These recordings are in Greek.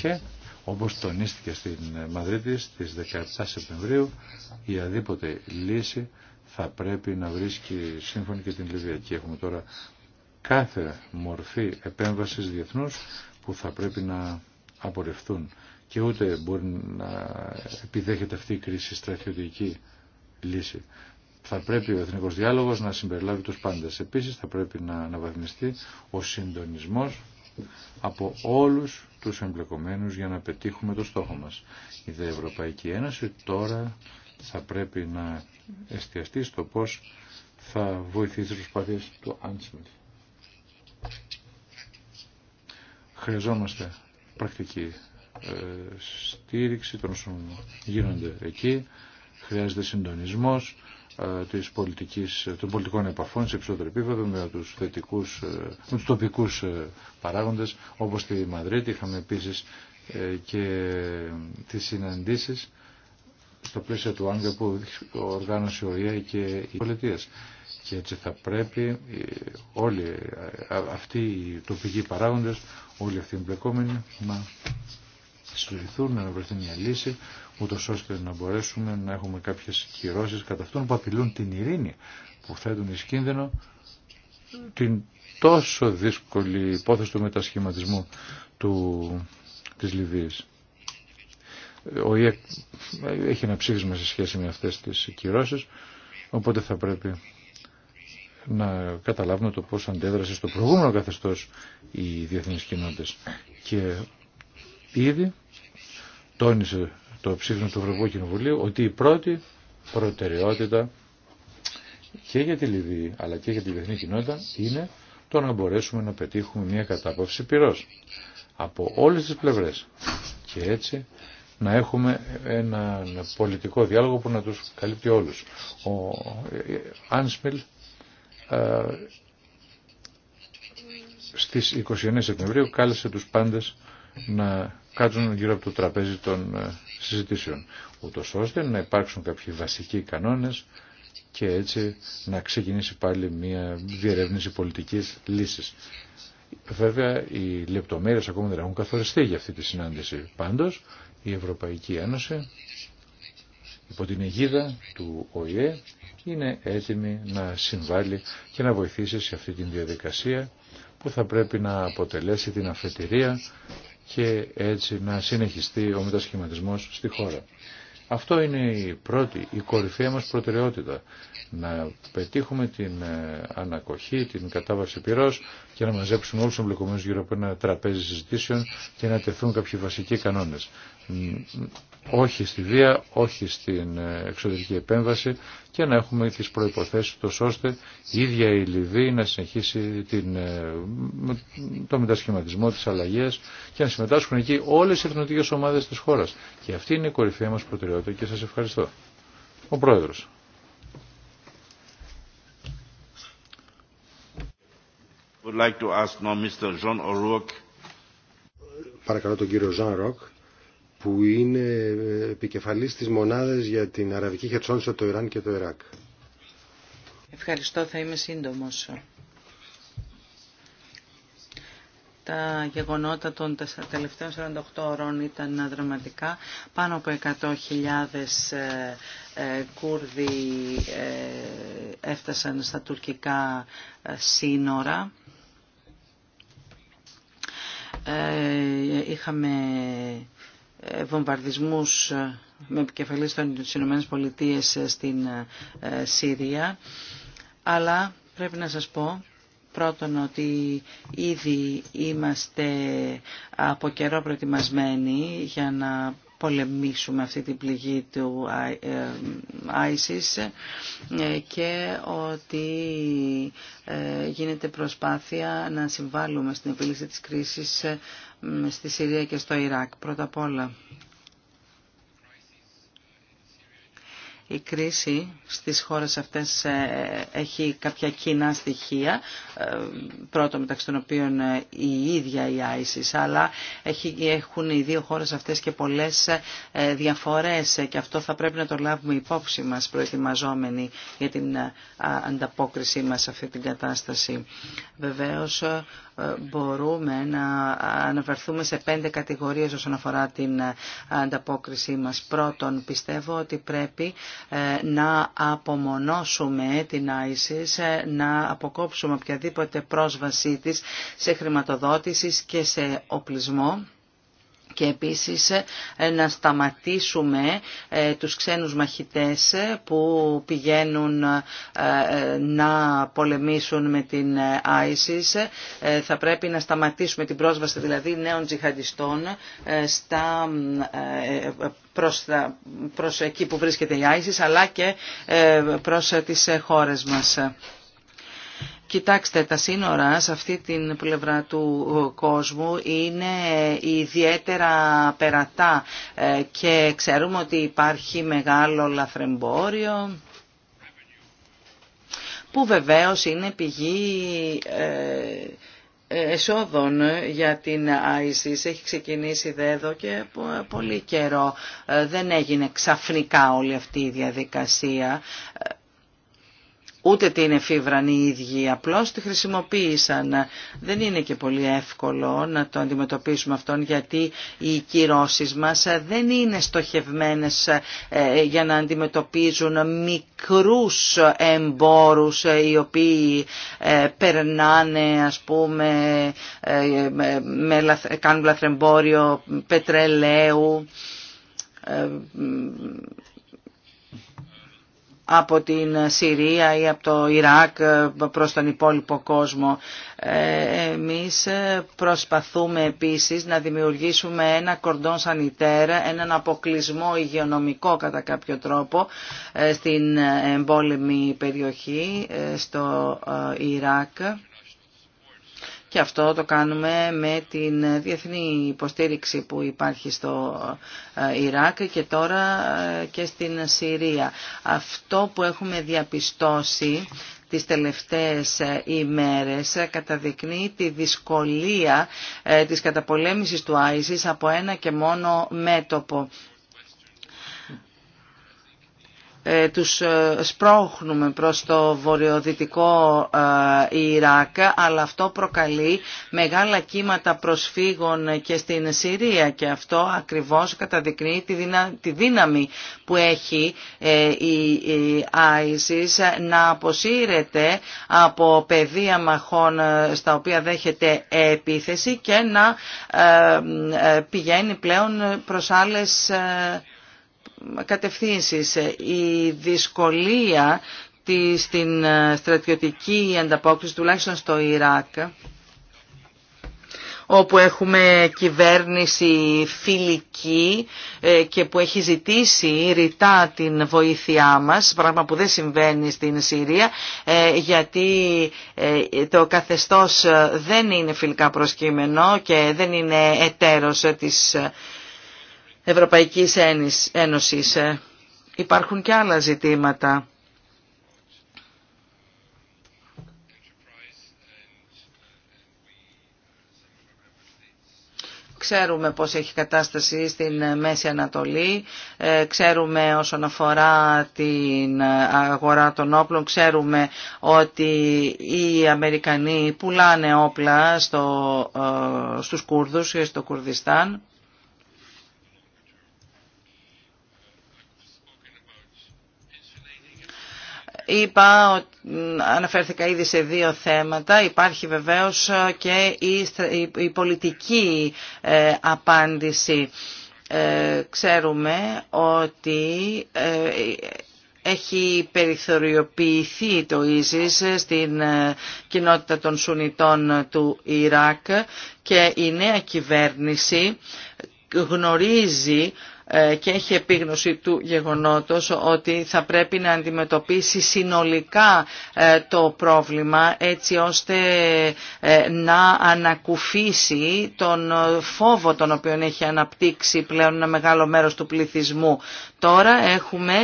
Και όπως τονίστηκε στην Μαδρίτη στις 17 Σεπτεμβρίου, η αδίποτε λύση θα πρέπει να βρίσκει σύμφωνη και την Λιβύα. Και έχουμε τώρα κάθε μορφή επέμβασης διεθνούς που θα πρέπει να απορρευτούν. Και ούτε μπορεί να επιδέχεται αυτή η κρίση στρατιωτική λύση. Θα πρέπει ο εθνικός διάλογος να συμπεριλάβει τους πάντες. Επίσης θα πρέπει να αναβαθμιστεί ο συντονισμός από όλους τους εμπλεκομένους για να πετύχουμε το στόχο μας. Η ΔΕ Ευρωπαϊκή Ένωση τώρα θα πρέπει να εστιαστεί στο πώς θα βοηθήσει τις προσπάθειες του Άντσιμιλ. Χρειαζόμαστε πρακτική ε, στήριξη των όσων γίνονται εκεί Χρειάζεται συντονισμός ε, της πολιτικής, των πολιτικών επαφών σε υψηλότερο επίπεδο με τους, θετικούς, ε, τους τοπικούς ε, παράγοντες όπως στη Μαδρίτη είχαμε επίσης και τις συναντήσεις στο πλαίσιο του άγγελου που οργάνωσε ο ΙΕ και η πολιτείε. Και έτσι θα πρέπει όλοι αυτοί οι τοπικοί παράγοντες, όλοι αυτοί οι εμπλεκόμενοι να λυθούν, να βρεθεί μια λύση, ούτω ώστε να μπορέσουμε να έχουμε κάποιε κυρώσει κατά αυτόν που απειλούν την ειρήνη, που θέτουν ει κίνδυνο την τόσο δύσκολη υπόθεση του μετασχηματισμού του, της Λιβύης. Ο ΙΕΚ έχει ένα ψήφισμα σε σχέση με αυτές τις κυρώσεις, οπότε θα πρέπει να καταλάβουμε το πώς αντέδρασε στο προηγούμενο καθεστώς οι διεθνείς κοινότητες. Και ήδη τόνισε το ψήφισμα του Ευρωπαϊκού Κοινοβουλίου ότι η πρώτη προτεραιότητα και για τη Λιβύη αλλά και για τη διεθνή κοινότητα είναι το να μπορέσουμε να πετύχουμε μια κατάπαυση πυρός από όλες τις πλευρές και έτσι να έχουμε ένα πολιτικό διάλογο που να τους καλύπτει όλους. Ο ε, Άνσμιλ ε, στις 29 Σεπτεμβρίου κάλεσε τους πάντες να κάτσουν γύρω από το τραπέζι των ε, συζητήσεων, Ούτω ώστε να υπάρξουν κάποιοι βασικοί κανόνες και έτσι να ξεκινήσει πάλι μια διερεύνηση πολιτικής λύσης. Βέβαια, οι λεπτομέρειες ακόμα δεν έχουν καθοριστεί για αυτή τη συνάντηση. Πάντως, η Ευρωπαϊκή Ένωση υπό την αιγίδα του ΟΗΕ είναι έτοιμη να συμβάλλει και να βοηθήσει σε αυτή την διαδικασία που θα πρέπει να αποτελέσει την αφετηρία και έτσι να συνεχιστεί ο μετασχηματισμός στη χώρα. Αυτό είναι η πρώτη, η κορυφαία μας προτεραιότητα. Να πετύχουμε την ε, ανακοχή, την κατάβαση πυρός και να μαζέψουμε όλους τους εμπλεκομένους γύρω από ένα τραπέζι συζητήσεων και να τεθούν κάποιοι βασικοί κανόνες. Όχι στη βία, όχι στην ε, εξωτερική επέμβαση και να έχουμε τις προϋποθέσεις τόσο ώστε η ίδια η Λιβύη να συνεχίσει την, ε, το μετασχηματισμό της αλλαγές και να συμμετάσχουν εκεί όλες οι ευρωπαϊκές ομάδες της χώρας. Και αυτή είναι η κορυφαία μας προτεραιότητα και σας ευχαριστώ. Ο Πρόεδρος. Would like to ask now Mr. John Παρακαλώ τον κύριο Ζαν Ροκ που είναι επικεφαλής της μονάδας για την Αραβική Χερσόνησο, το Ιράν και το Ιράκ. Ευχαριστώ, θα είμαι σύντομος. τα γεγονότα των τελευταίων 48 ώρων ήταν δραματικά. Πάνω από 100.000 ε, ε, Κούρδοι ε, έφτασαν στα τουρκικά σύνορα. Είχαμε ε, βομβαρδισμούς ε, με επικεφαλής των ΗΠΑ ε, στην Σύρια, αλλά πρέπει να σας πω πρώτον ότι ήδη είμαστε από καιρό προετοιμασμένοι για να πολεμήσουμε αυτή την πληγή του ε, ISIS ε, και ότι ε, γίνεται προσπάθεια να συμβάλλουμε στην επίλυση της κρίσης στη Συρία και στο Ιράκ. Πρώτα απ' όλα η κρίση στις χώρες αυτές ε, έχει κάποια κοινά στοιχεία, ε, πρώτο μεταξύ των οποίων ε, η ίδια η ISIS, αλλά έχουν οι δύο χώρες αυτές και πολλές διαφορές και αυτό θα πρέπει να το λάβουμε υπόψη μας προετοιμαζόμενοι για την ανταπόκριση μας σε αυτή την κατάσταση. Βεβαίως μπορούμε να αναφερθούμε σε πέντε κατηγορίες όσον αφορά την ανταπόκριση μας. Πρώτον, πιστεύω ότι πρέπει ε, να απομονώσουμε την ISIS, ε, να αποκόψουμε οποιαδήποτε πρόσβασή της σε χρηματοδότηση και σε οπλισμό και επίσης ε, να σταματήσουμε ε, τους ξένους μαχητές ε, που πηγαίνουν να πολεμήσουν με την ISIS. Θα πρέπει να σταματήσουμε την πρόσβαση δηλαδή νέων τζιχαντιστών στα προς, προς εκεί που βρίσκεται η ISIS αλλά και προς τις χώρες μας. Κοιτάξτε, τα σύνορα σε αυτή την πλευρά του κόσμου είναι ιδιαίτερα περατά ε, και ξέρουμε ότι υπάρχει μεγάλο λαθρεμπόριο που βεβαίως είναι πηγή ε, ε, εσόδων για την ISIS έχει ξεκινήσει δε εδώ και πολύ καιρό. Δεν έγινε ξαφνικά όλη αυτή η διαδικασία ούτε την εφήβραν οι ίδιοι, απλώς τη χρησιμοποίησαν. Δεν είναι και πολύ εύκολο να το αντιμετωπίσουμε αυτόν γιατί οι κυρώσεις μας δεν είναι στοχευμένες ε, για να αντιμετωπίζουν μικρούς εμπόρους ε, οι οποίοι ε, περνάνε ας πούμε κάνουν λαθρεμπόριο πετρελαίου από την Συρία ή από το Ιράκ προς τον υπόλοιπο κόσμο. Ε, εμείς προσπαθούμε επίσης να δημιουργήσουμε ένα κορδόν σανιτέρ, έναν αποκλεισμό υγειονομικό κατά κάποιο τρόπο ε, στην εμπόλεμη περιοχή, ε, στο Ιράκ και αυτό το κάνουμε με την διεθνή υποστήριξη που υπάρχει στο ε, Ιράκ και τώρα ε, και στην Συρία. Αυτό που έχουμε διαπιστώσει τις τελευταίες ε, ημέρες καταδεικνύει τη δυσκολία της καταπολέμησης του ISIS από ένα και μόνο μέτωπο. Ε, τους ε, σπρώχνουμε προς το βορειοδυτικό ε, Ιράκ, αλλά αυτό προκαλεί μεγάλα κύματα προσφύγων και στην Συρία και αυτό ακριβώς καταδεικνύει τη δύναμη που έχει η ISIS να αποσύρεται από πεδία μαχών στα οποία δέχεται επίθεση και να πηγαίνει πλέον προς άλλες κατευθύνσεις. Η δυσκολία της, στην ε, στρατιωτική ανταπόκριση, τουλάχιστον στο Ιράκ, όπου έχουμε κυβέρνηση φιλική ε, και που έχει ζητήσει ρητά την βοήθειά μας, πράγμα που δεν συμβαίνει στην Συρία, ε, γιατί το καθεστώς δεν είναι φιλικά προσκύμενο και δεν είναι εταίρος της Ευρωπαϊκής Ένωσης. Ε, υπάρχουν και άλλα ζητήματα. Ξέρουμε πώς έχει κατάσταση στην Μέση Ανατολή, ε, ξέρουμε όσον αφορά την αγορά των όπλων, ξέρουμε ότι οι Αμερικανοί πουλάνε όπλα στο, ε, στους Κούρδους και στο Κουρδιστάν. Είπα, αναφέρθηκα ήδη σε δύο θέματα. Υπάρχει βεβαίως ε, και η πολιτική ε, απάντηση. Ε, ξέρουμε ότι έχει περιθωριοποιηθεί το ΙΖΙΣ στην κοινότητα των Σουνιτών του Ιράκ και η νέα κυβέρνηση γνωρίζει ε, και έχει επίγνωση του γεγονότος ότι θα πρέπει να αντιμετωπίσει συνολικά ε, το πρόβλημα έτσι ώστε ε, να ανακουφίσει τον φόβο τον οποίο έχει αναπτύξει πλέον ένα μεγάλο μέρος του πληθυσμού. Τώρα έχουμε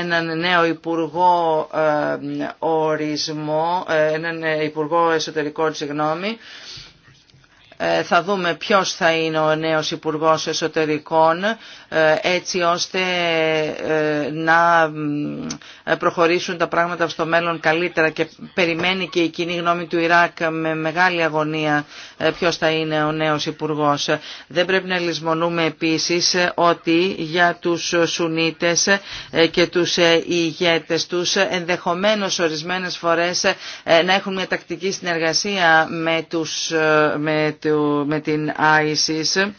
έναν νέο υπουργό ορισμό, έναν υπουργό εσωτερικών συγγνώμη, ε, θα δούμε ποιος θα είναι ο νέος Υπουργός Εσωτερικών ε, έτσι ώστε ε, να προχωρήσουν τα πράγματα στο μέλλον καλύτερα και περιμένει και η κοινή γνώμη του Ιράκ με μεγάλη αγωνία ποιος θα είναι ο νέος Υπουργός. Δεν πρέπει να λησμονούμε επίσης ότι για τους Σουνίτες και τους ηγέτες τους ενδεχομένως ορισμένες φορές να έχουν μια τακτική συνεργασία με τους με την ISIS,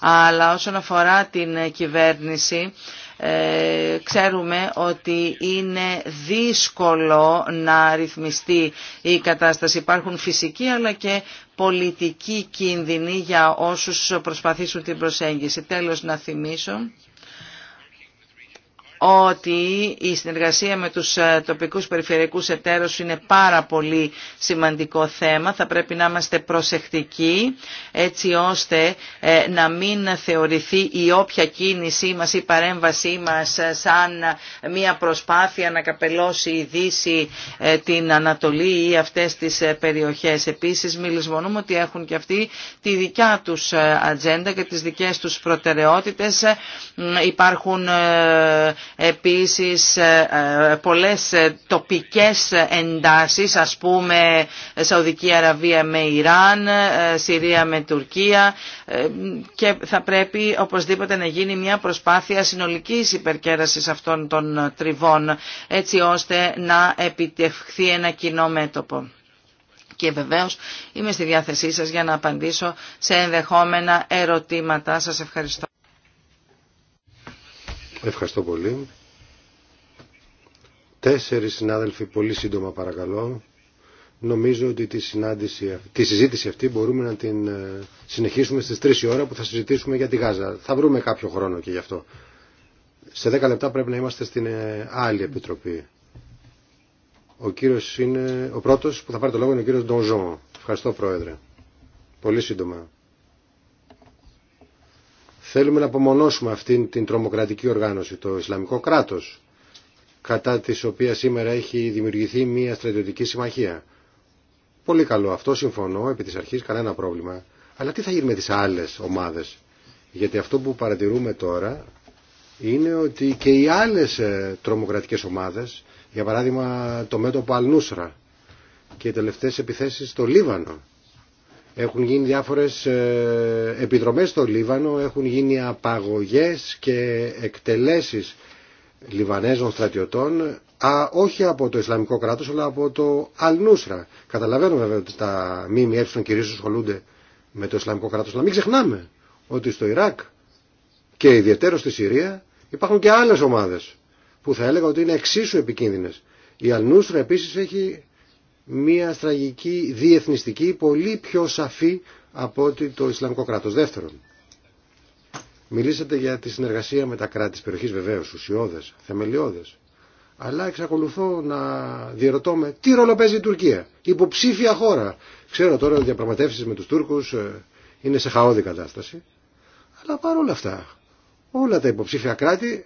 αλλά όσον αφορά την κυβέρνηση, ε, ξέρουμε ότι είναι δύσκολο να ρυθμιστεί η κατάσταση. Υπάρχουν φυσικοί αλλά και πολιτικοί κίνδυνοι για όσους προσπαθήσουν την προσέγγιση. Τέλος να θυμίσω ότι η συνεργασία με τους ε, τοπικούς περιφερειακούς εταίρους είναι πάρα πολύ σημαντικό θέμα. Θα πρέπει να είμαστε προσεκτικοί έτσι ώστε ε, να μην θεωρηθεί η όποια κίνησή μας ή παρέμβασή μας ε, σαν μια προσπάθεια να καπελώσει η Δύση την Ανατολή ή αυτές τις περιοχές. Επίσης μιλισμονούμε ότι έχουν και αυτοί τη δικιά τους ατζέντα και τις δικές τους προτεραιότητες. Υπάρχουν Επίσης ε, ε, πολλές ε, τοπικές εντάσεις, ας πούμε Σαουδική Αραβία με Ιράν, Συρία με Τουρκία και θα πρέπει οπωσδήποτε να γίνει μια προσπάθεια συνολικής υπερκέρασης αυτών των τριβών έτσι ώστε να επιτευχθεί ένα κοινό μέτωπο. Και βεβαίως είμαι στη διάθεσή σας για να απαντήσω σε ενδεχόμενα ερωτήματα. Σας ευχαριστώ. Ευχαριστώ πολύ. Τέσσερις συνάδελφοι, πολύ σύντομα παρακαλώ. Νομίζω ότι τη, συνάντηση, τη συζήτηση αυτή μπορούμε να την ε, συνεχίσουμε στις 3 η ώρα που θα συζητήσουμε για τη Γάζα. Θα βρούμε κάποιο χρόνο και γι' αυτό. Σε 10 λεπτά πρέπει να είμαστε στην ε, άλλη επιτροπή. Ο, κύριος είναι, ο πρώτος που θα πάρει το λόγο είναι ο κύριος Ντονζόν. Ευχαριστώ Πρόεδρε. Πολύ σύντομα. Θέλουμε να απομονώσουμε αυτήν την τρομοκρατική οργάνωση, το Ισλαμικό κράτος, κατά της οποίας σήμερα έχει δημιουργηθεί μια στρατιωτική συμμαχία. Πολύ καλό αυτό, συμφωνώ, επί της αρχής κανένα πρόβλημα. Αλλά τι θα γίνει με τις άλλες ομάδες. Γιατί αυτό που παρατηρούμε τώρα είναι ότι και οι άλλες ε, τρομοκρατικές ομάδες, για παράδειγμα το μέτωπο Αλνούσρα και οι τελευταίες επιθέσεις στο Λίβανο, έχουν γίνει διάφορες ε, επιδρομές στο Λίβανο, έχουν γίνει απαγωγές και εκτελέσεις Λιβανέζων στρατιωτών, α, όχι από το Ισλαμικό κράτος, αλλά από το Αλνούσρα. Καταλαβαίνουμε βέβαια ότι τα ΜΜΕ κυρίως ασχολούνται με το Ισλαμικό κράτος, αλλά μην ξεχνάμε ότι στο Ιράκ και ιδιαίτερο στη Συρία υπάρχουν και άλλες ομάδες που θα έλεγα ότι είναι εξίσου επικίνδυνες. Η Αλνούστρα επίσης έχει μια στραγική διεθνιστική πολύ πιο σαφή από ότι το Ισλαμικό κράτος. Δεύτερον, μιλήσατε για τη συνεργασία με τα κράτη της περιοχής βεβαίως, ουσιώδες, θεμελιώδες. Αλλά εξακολουθώ να διερωτώ με τι ρόλο παίζει η Τουρκία, υποψήφια χώρα. Ξέρω τώρα ότι διαπραγματεύσεις με τους Τούρκους ε, είναι σε χαόδη κατάσταση. Αλλά παρόλα αυτά, όλα τα υποψήφια κράτη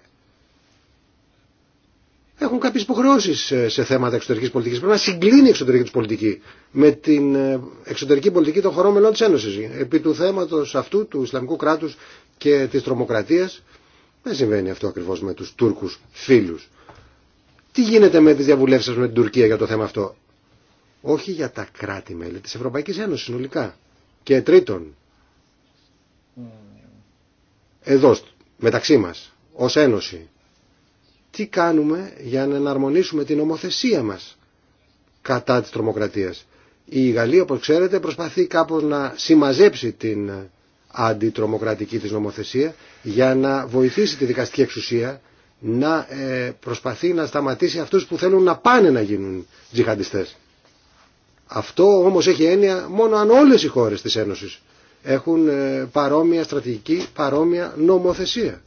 έχουν κάποιε υποχρεώσει ε, σε θέματα εξωτερική πολιτική. Πρέπει να συγκλίνει η εξωτερική του πολιτική με την ε, εξωτερική πολιτική των χωρών μελών τη Ένωση. Επί του θέματο αυτού του Ισλαμικού κράτου και τη τρομοκρατία, δεν συμβαίνει αυτό ακριβώ με του Τούρκου φίλου. Τι γίνεται με τι διαβουλεύσει με την Τουρκία για το θέμα αυτό. Όχι για τα κράτη-μέλη τη Ευρωπαϊκή Ένωση συνολικά. Και τρίτον, mm. εδώ μεταξύ μα, ω Ένωση, τι κάνουμε για να εναρμονίσουμε την ομοθεσία μας κατά της τρομοκρατίας. Η Γαλλία, όπως ξέρετε, προσπαθεί κάπως να συμμαζέψει την αντιτρομοκρατική της νομοθεσία για να βοηθήσει τη δικαστική εξουσία να ε, προσπαθεί να σταματήσει αυτούς που θέλουν να πάνε να γίνουν τζιχαντιστές. Αυτό όμως έχει έννοια μόνο αν όλες οι χώρες της Ένωσης έχουν ε, παρόμοια στρατηγική, παρόμοια νομοθεσία.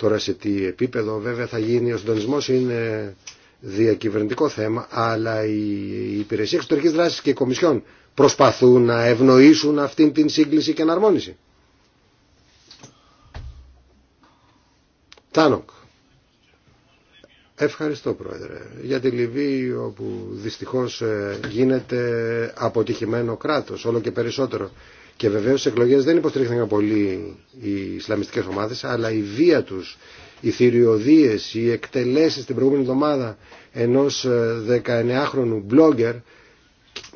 Τώρα σε τι επίπεδο βέβαια θα γίνει ο συντονισμό είναι διακυβερνητικό θέμα, αλλά η υπηρεσία εξωτερική δράση και οι Κομισιόν προσπαθούν να ευνοήσουν αυτήν την σύγκληση και εναρμόνιση. Τάνοκ. Ευχαριστώ Πρόεδρε για τη Λιβύη όπου δυστυχώς ε, γίνεται αποτυχημένο κράτος όλο και περισσότερο και βεβαίω στι εκλογέ δεν υποστηρίχθηκαν πολύ οι Ισλαμιστικέ ομάδε, αλλά η βία του, οι θηριωδίε, οι εκτελέσει την προηγούμενη εβδομάδα ενό 19χρονου ε, blogger,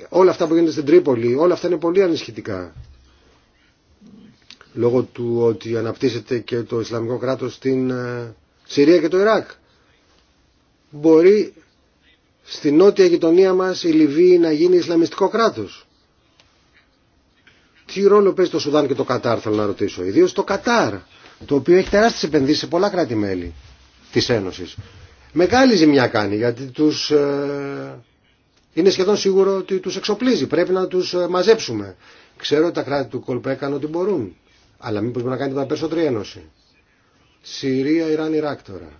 όλα αυτά που γίνονται στην Τρίπολη, όλα αυτά είναι πολύ ανησυχητικά. Λόγω του ότι αναπτύσσεται και το Ισλαμικό κράτο στην ε, Συρία και το Ιράκ. Μπορεί στη νότια γειτονία μας η Λιβύη να γίνει Ισλαμιστικό κράτος. Τι ρόλο παίζει το Σουδάν και το Κατάρ, θέλω να ρωτήσω. Ιδίω το Κατάρ, το οποίο έχει τεράστιε επενδύσει σε πολλά κράτη-μέλη τη Ένωση. Μεγάλη ζημιά κάνει γιατί του. Ε, είναι σχεδόν σίγουρο ότι του εξοπλίζει. Πρέπει να του ε, μαζέψουμε. Ξέρω ότι τα κράτη του Κολπέ έκανε ό,τι μπορούν. Αλλά μήπω μπορεί να κάνει την περισσότερη Ένωση. Συρία, Ιράν, Ιράκ τώρα.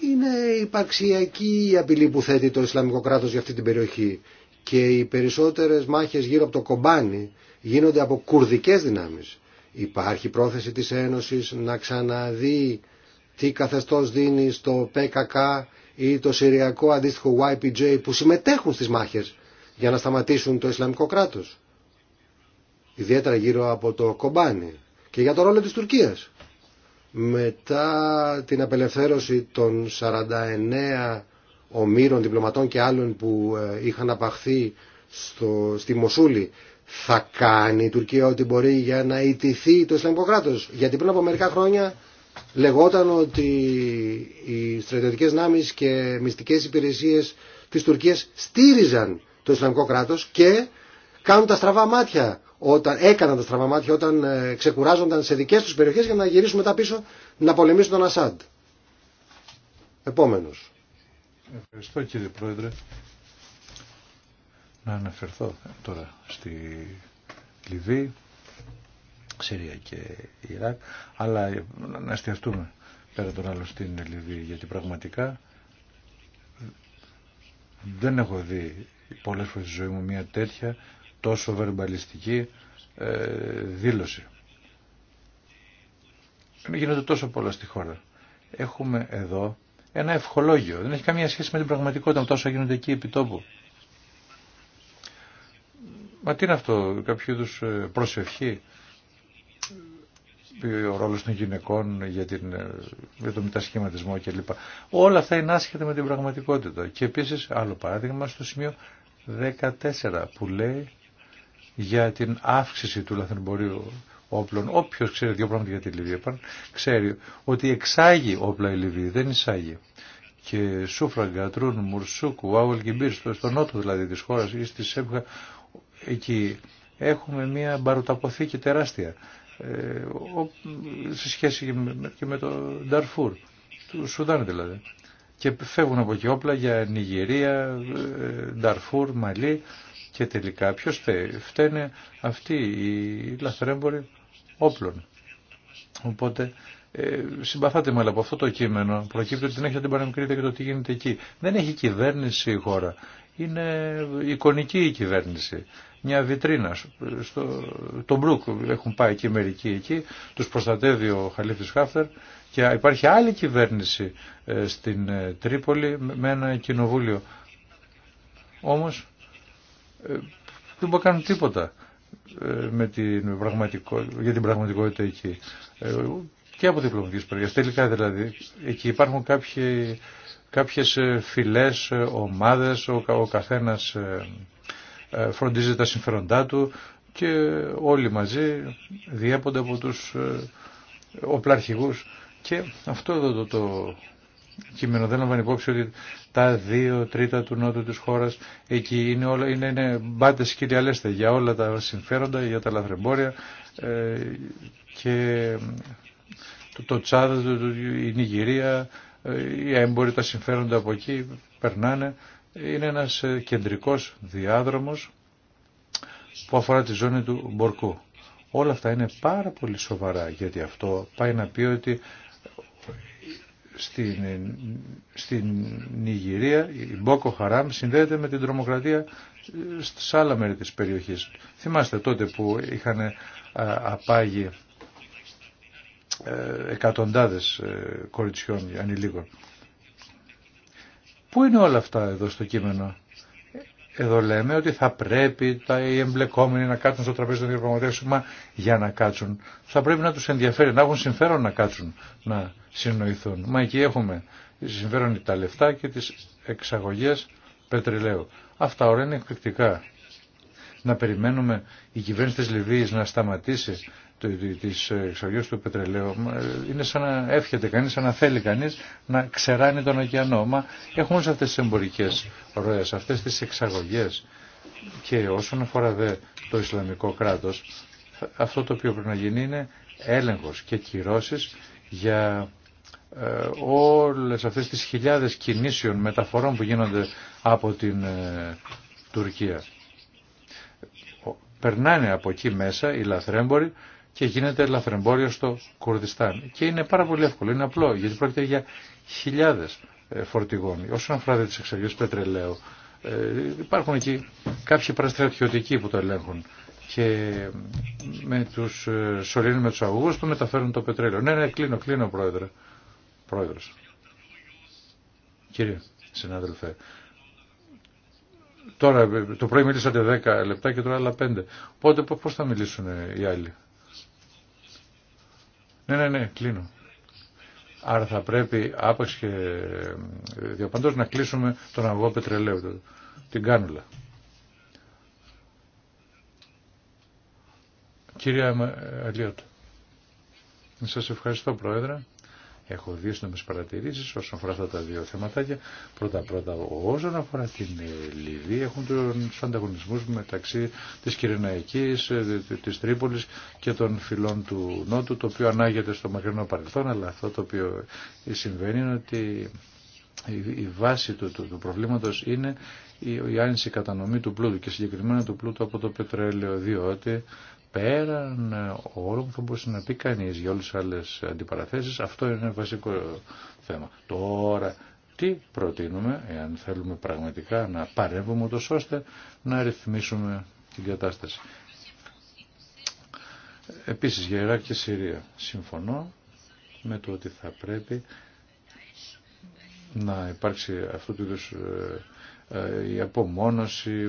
Είναι υπαρξιακή η απειλή που θέτει το Ισλαμικό κράτο για αυτή την περιοχή και οι περισσότερες μάχες γύρω από το κομπάνι γίνονται από κουρδικές δυνάμεις. Υπάρχει πρόθεση της Ένωσης να ξαναδεί τι καθεστώς δίνει στο ΠΚΚ ή το Συριακό αντίστοιχο YPJ που συμμετέχουν στις μάχες για να σταματήσουν το Ισλαμικό κράτος. Ιδιαίτερα γύρω από το Κομπάνι και για το ρόλο της Τουρκίας. Μετά την απελευθέρωση των 49 ομήρων, διπλωματών και άλλων που ε, είχαν απαχθεί στο, στη Μοσούλη θα κάνει η Τουρκία ό,τι μπορεί για να ιτηθεί το Ισλαμικό κράτο. Γιατί πριν από μερικά χρόνια λεγόταν ότι οι στρατιωτικέ δυνάμει και μυστικέ υπηρεσίε τη Τουρκία στήριζαν το Ισλαμικό κράτο και κάνουν τα στραβά μάτια. Όταν, έκαναν τα στραβά μάτια όταν ε, ξεκουράζονταν σε δικέ του περιοχέ για να γυρίσουν μετά πίσω να πολεμήσουν τον Ασάντ. Επόμενος. Ευχαριστώ κύριε Πρόεδρε. Να αναφερθώ τώρα στη Λιβύη, Συρία και Ιράκ, αλλά να εστιαστούμε πέρα των άλλο στην Λιβύη, γιατί πραγματικά δεν έχω δει πολλές φορές στη ζωή μου μια τέτοια τόσο βερμπαλιστική ε, δήλωση. Γίνονται τόσο πολλά στη χώρα. Έχουμε εδώ ένα ευχολόγιο. Δεν έχει καμία σχέση με την πραγματικότητα, με τόσο γίνονται εκεί επί τόπου. Μα τι είναι αυτό, κάποιο είδου ε, προσευχή. Ο ρόλος των γυναικών για, την, ε, για το μετασχηματισμό κλπ. Όλα αυτά είναι άσχετα με την πραγματικότητα. Και επίσης, άλλο παράδειγμα, στο σημείο 14 που λέει για την αύξηση του λαθρεμπορίου όπλων. Όποιο ξέρει δύο πράγματα για τη Λιβύη, ξέρει ότι εξάγει όπλα η Λιβύη, δεν εισάγει. Και Σούφραγκα, Τρούν, Μουρσούκου, Άουελ Κιμπίρ, στο, στο νότο δηλαδή τη χώρα ή στη Σέμπχα, εκεί έχουμε μια μπαρουταποθήκη τεράστια ε, σε σχέση και με, και με το Νταρφούρ, του Σουδάν δηλαδή. Και φεύγουν από εκεί όπλα για Νιγηρία, ε, Νταρφούρ, Μαλή και τελικά ποιος φταίει. Φταίνε αυτοί οι λαθρέμποροι όπλων. Οπότε ε, συμπαθάτε με, αλλά από αυτό το κείμενο προκύπτει ότι δεν έχετε την και το τι γίνεται εκεί. Δεν έχει κυβέρνηση η χώρα. Είναι εικονική η κυβέρνηση. Μια βιτρίνα. Στο, το Μπρουκ έχουν πάει και μερικοί εκεί. Τους προστατεύει ο Χαλίφης Χάφτερ. Και υπάρχει άλλη κυβέρνηση ε, στην ε, Τρίπολη με ένα κοινοβούλιο. Όμως ε, δεν μπορούν να κάνουν τίποτα. Ε, με την πραγματικό για την πραγματικότητα εκεί ε, και από διπλωματικές περιοχές. Τελικά δηλαδή εκεί υπάρχουν κάποιοι, κάποιες ε, φυλές, ομάδες, ο, ο καθένας φροντίζει τα συμφέροντά του και όλοι μαζί διέπονται από τους οπλαρχηγούς και αυτό εδώ το, το, κείμενο δεν λαμβάνει υπόψη ότι τα δύο τρίτα του νότου της χώρας εκεί είναι, όλα, είναι, είναι για όλα τα συμφέροντα, για τα λαθρεμπόρια ε, και το, το Τσάδ, η Νιγηρία, ε, οι έμποροι τα συμφέροντα από εκεί περνάνε. Είναι ένας ε, κεντρικός διάδρομος που αφορά τη ζώνη του Μπορκού. Όλα αυτά είναι πάρα πολύ σοβαρά γιατί αυτό πάει να πει ότι στην, στην Νιγηρία, η Μπόκο Χαράμ συνδέεται με την τρομοκρατία σε άλλα μέρη της περιοχής. Θυμάστε τότε που είχαν ε, απάγει ε, εκατοντάδες ε, κοριτσιών ανηλίκων. Πού είναι όλα αυτά εδώ στο κείμενο. Εδώ λέμε ότι θα πρέπει τα οι εμπλεκόμενοι να κάτσουν στο τραπέζι των διαπραγματεύσεων. για να κάτσουν θα πρέπει να του ενδιαφέρει, να έχουν συμφέρον να κάτσουν, να συνοηθούν. Μα εκεί έχουμε συμφέρον τα λεφτά και τι εξαγωγέ πετρελαίου. Αυτά όλα είναι εκπληκτικά. Να περιμένουμε η κυβέρνηση τη Λιβύη να σταματήσει της ε, εξαγωγή του πετρελαίου. Ε, είναι σαν να εύχεται κανείς, σαν να θέλει κανείς να ξεράνει τον ωκεανό. Μα έχουμε αυτές τις εμπορικές ροές, αυτές τις εξαγωγές. Και όσον αφορά το Ισλαμικό κράτος, αυτό το οποίο πρέπει να γίνει είναι έλεγχος και κυρώσει για ε, όλες αυτές τις χιλιάδες κινήσεων μεταφορών που γίνονται από την Τουρκία. Περνάνε από εκεί μέσα οι λαθρέμποροι και γίνεται λαθρεμπόριο στο Κουρδιστάν. Και είναι πάρα πολύ εύκολο, είναι απλό, γιατί πρόκειται για χιλιάδες ε, φορτηγών. Όσον αφορά τι εξαγγελίες πετρελαίου, ε, υπάρχουν εκεί κάποιοι παραστρατιωτικοί που το ελέγχουν και με τους ε, σωλήνους με τους αγωγούς που μεταφέρουν το πετρέλαιο. Ναι, ναι, κλείνω, κλείνω πρόεδρε. Πρόεδρος. Κύριε, συνάδελφε. Τώρα, το πρωί μιλήσατε 10 λεπτά και τώρα άλλα 5. πώ πώς θα μιλήσουν οι άλλοι. Ναι, ναι, ναι, κλείνω. Άρα θα πρέπει άπαξ και ε, διαπαντός να κλείσουμε τον αγωγό πετρελαίου, την κάνουλα. Κυρία Αλιώτα, σας ευχαριστώ Πρόεδρε. Έχω δύο σύντομες παρατηρήσεις όσον αφορά αυτά τα δύο θεματάκια. Πρώτα-πρώτα, όσον αφορά την Λιβύη, έχουν τους ανταγωνισμούς μεταξύ της Κυριναϊκής, ε, της Τρίπολης και των φυλών του Νότου, το οποίο ανάγεται στο μακρινό παρελθόν, αλλά αυτό το οποίο συμβαίνει είναι ότι η βάση του, του, προβλήματος είναι η, η άνηση κατανομή του πλούτου και συγκεκριμένα του πλούτου από το πετρέλαιο διότι πέραν όλων που θα μπορούσε να πει κανείς για όλες τις άλλες αντιπαραθέσεις, αυτό είναι ένα βασικό θέμα. Τώρα, τι προτείνουμε, εάν θέλουμε πραγματικά να παρεύουμε ούτως ώστε να ρυθμίσουμε την κατάσταση. Επίσης, για Ιράκ και Συρία, συμφωνώ με το ότι θα πρέπει να υπάρξει αυτού του είδους ε, ε, η απομόνωση,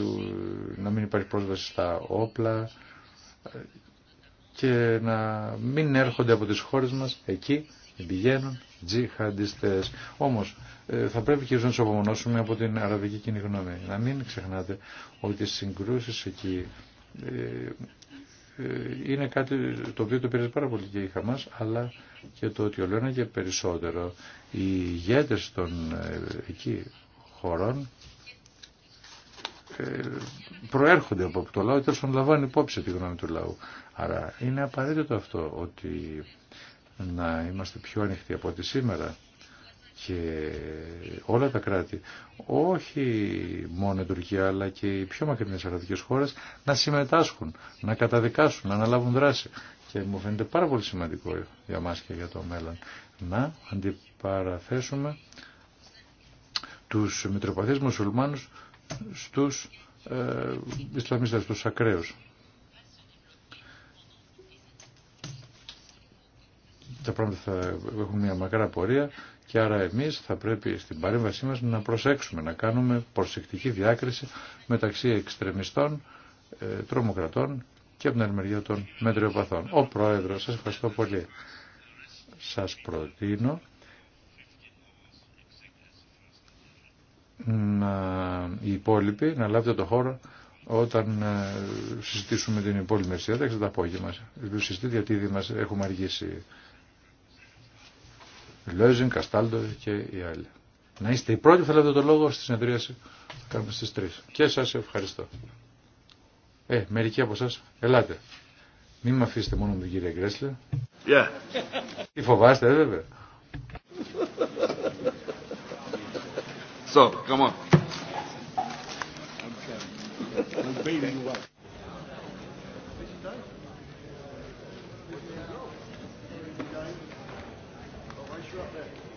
να μην υπάρχει πρόσβαση στα όπλα, και να μην έρχονται από τις χώρες μας εκεί πηγαίνουν τζιχαντιστές. Όμως ε, θα πρέπει και να τους απομονώσουμε από την αραβική κοινή γνώμη. Να μην ξεχνάτε ότι οι συγκρούσεις εκεί ε, ε, είναι κάτι το οποίο το πήρε πάρα πολύ και η Χαμάς, αλλά και το ότι ολένα και περισσότερο οι ηγέτες των εκεί χωρών ε, προέρχονται από το λαό, τελο πάντων λαμβανουν υπόψη τη γνώμη του λαού. Άρα είναι απαραίτητο αυτό ότι να είμαστε πιο ανοιχτοί από ό,τι σήμερα και όλα τα κράτη, όχι μόνο η Τουρκία αλλά και οι πιο μακρινές αραβικές χώρες, να συμμετάσχουν, να καταδικάσουν, να αναλάβουν δράση. Και μου φαίνεται πάρα πολύ σημαντικό για μας και για το μέλλον να αντιπαραθέσουμε τους Μητροπαθείς Μουσουλμάνους στους ε, Ισλαμίστες, στους ακραίους. Τα πράγματα θα έχουν μια μακρά πορεία και άρα εμείς θα πρέπει στην παρέμβασή μας να προσέξουμε, να κάνουμε προσεκτική διάκριση μεταξύ εξτρεμιστών, ε, τρομοκρατών και από την των μετριοπαθών. Ο Πρόεδρος, σας ευχαριστώ πολύ. Σας προτείνω να, οι υπόλοιποι να λάβετε το χώρο όταν ε, συζητήσουμε την υπόλοιπη Δεν το απόγευμα. Συζητείτε γιατί ήδη μας έχουμε αργήσει. Λόζιν, Καστάλτο και οι άλλοι. Να είστε οι πρώτοι που θα λάβετε το λόγο στη συνεδρίαση που κάνουμε στις 3. Και σας ευχαριστώ. Ε, μερικοί από σας, ελάτε. Μην με αφήσετε μόνο με τον κύριο Γκρέσλε. Yeah. Τι φοβάστε, ε, βέβαια. So, come on. I'm you